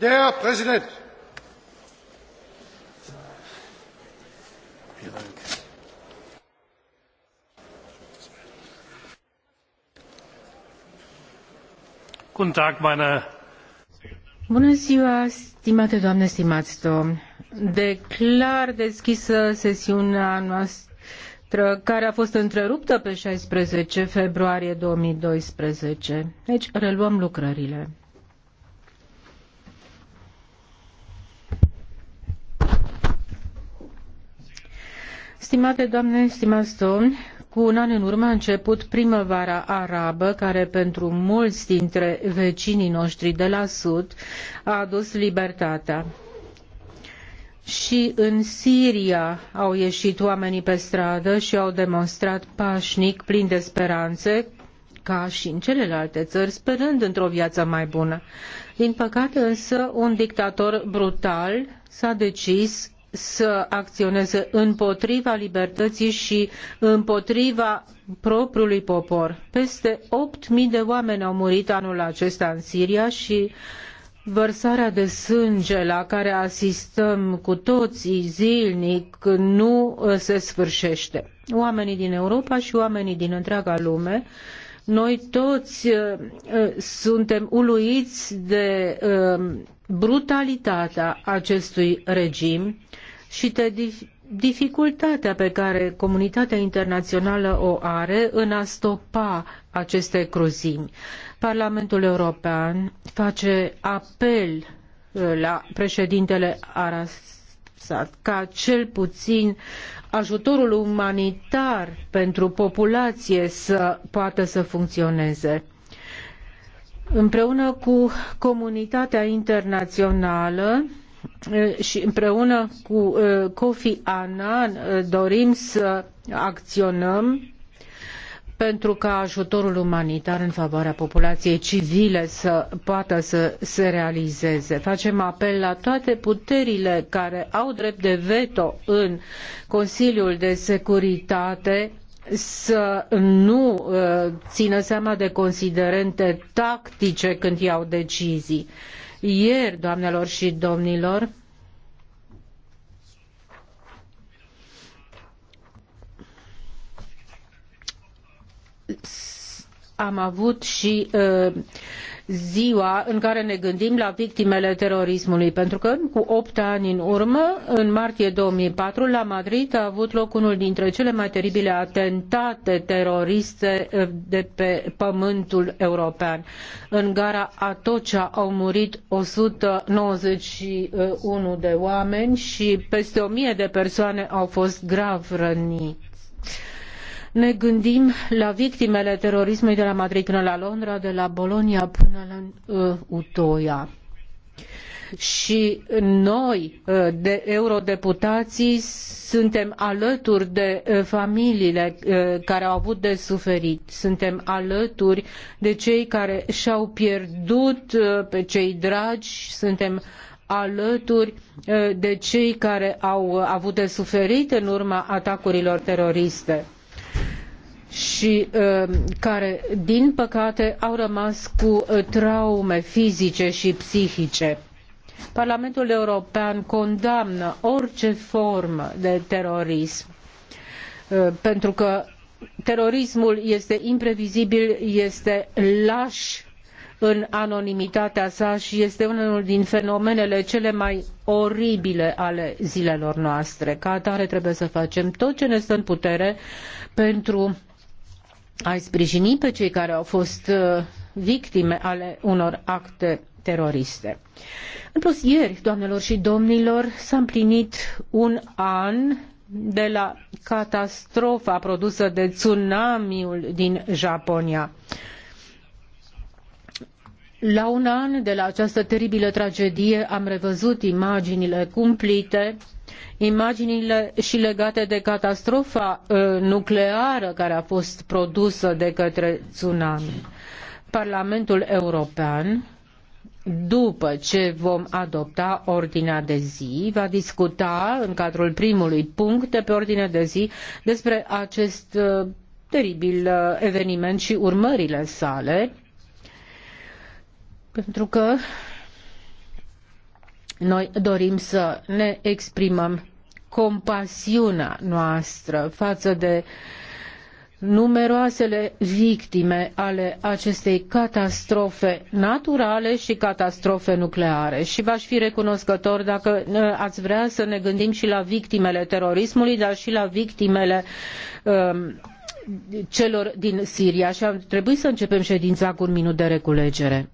Der Präsident! Guten Tag, meine Bună ziua, stimate doamne, stimați domni! Declar deschisă sesiunea noastră care a fost întreruptă pe 16 februarie 2012. Deci reluăm lucrările. Stimate doamne, stimați domni, cu un an în urmă a început primăvara arabă, care pentru mulți dintre vecinii noștri de la sud a adus libertatea. Și în Siria au ieșit oamenii pe stradă și au demonstrat pașnic, plin de speranțe, ca și în celelalte țări, sperând într-o viață mai bună. Din păcate însă, un dictator brutal s-a decis să acționeze împotriva libertății și împotriva propriului popor. Peste 8.000 de oameni au murit anul acesta în Siria și vărsarea de sânge la care asistăm cu toții zilnic nu se sfârșește. Oamenii din Europa și oamenii din întreaga lume noi toți uh, suntem uluiți de uh, brutalitatea acestui regim și de dificultatea pe care comunitatea internațională o are în a stopa aceste cruzimi. Parlamentul European face apel uh, la președintele Arasat ca cel puțin ajutorul umanitar pentru populație să poată să funcționeze. Împreună cu comunitatea internațională, Eh, și împreună cu eh, Kofi Annan eh, dorim să acționăm pentru ca ajutorul umanitar în favoarea populației civile să poată să se realizeze. Facem apel la toate puterile care au drept de veto în Consiliul de Securitate să nu uh, țină seama de considerente tactice când iau decizii. Uh, ieri, doamnelor și domnilor, am avut și uh, ziua în care ne gândim la victimele terorismului, pentru că cu opt ani în urmă, în martie 2004, la Madrid a avut loc unul dintre cele mai teribile atentate teroriste eh, de pe pământul european. În gara Atocha au murit 191 de oameni și peste 1000 de persoane au fost grav rănite ne gândim la victimele terorismului de la Madrid până la Londra, de la Bologna până la utoya uh, Utoia. Și noi, uh, de eurodeputații, suntem alături de uh, familiile care au avut de suferit. Suntem alături de cei care și-au pierdut pe cei dragi. Suntem alături de cei care au avut de suferit în urma atacurilor teroriste și uh, care, din păcate, au rămas cu uh, traume fizice și psihice. Parlamentul European condamnă orice formă de terorism, uh, pentru că terorismul este imprevizibil, este laș în anonimitatea sa și este unul din fenomenele cele mai oribile ale zilelor noastre. Ca atare trebuie să facem tot ce ne stă în putere pentru a-i sprijini pe cei care au fost uh, victime ale unor acte teroriste. În plus, ieri, doamnelor și domnilor, s-a împlinit un an de la catastrofa produsă de tsunamiul din Japonia. La un an de la această teribilă tragedie am revăzut imaginile cumplite imaginile și legate de catastrofa uh, nucleară care a fost produsă de către tsunami. Parlamentul European după ce vom adopta ordinea de zi, va discuta în cadrul primului punct de pe ordinea de zi despre acest uh, teribil uh, eveniment și urmările sale, pentru că noi dorim să ne exprimăm compasiunea noastră față de numeroasele victime ale acestei catastrofe naturale și catastrofe nucleare. Și v-aș fi recunoscător dacă uh, ați vrea să ne gândim și la victimele terorismului, dar și la victimele um, celor din Siria. Și ar trebui să începem ședința cu un minut de reculegere.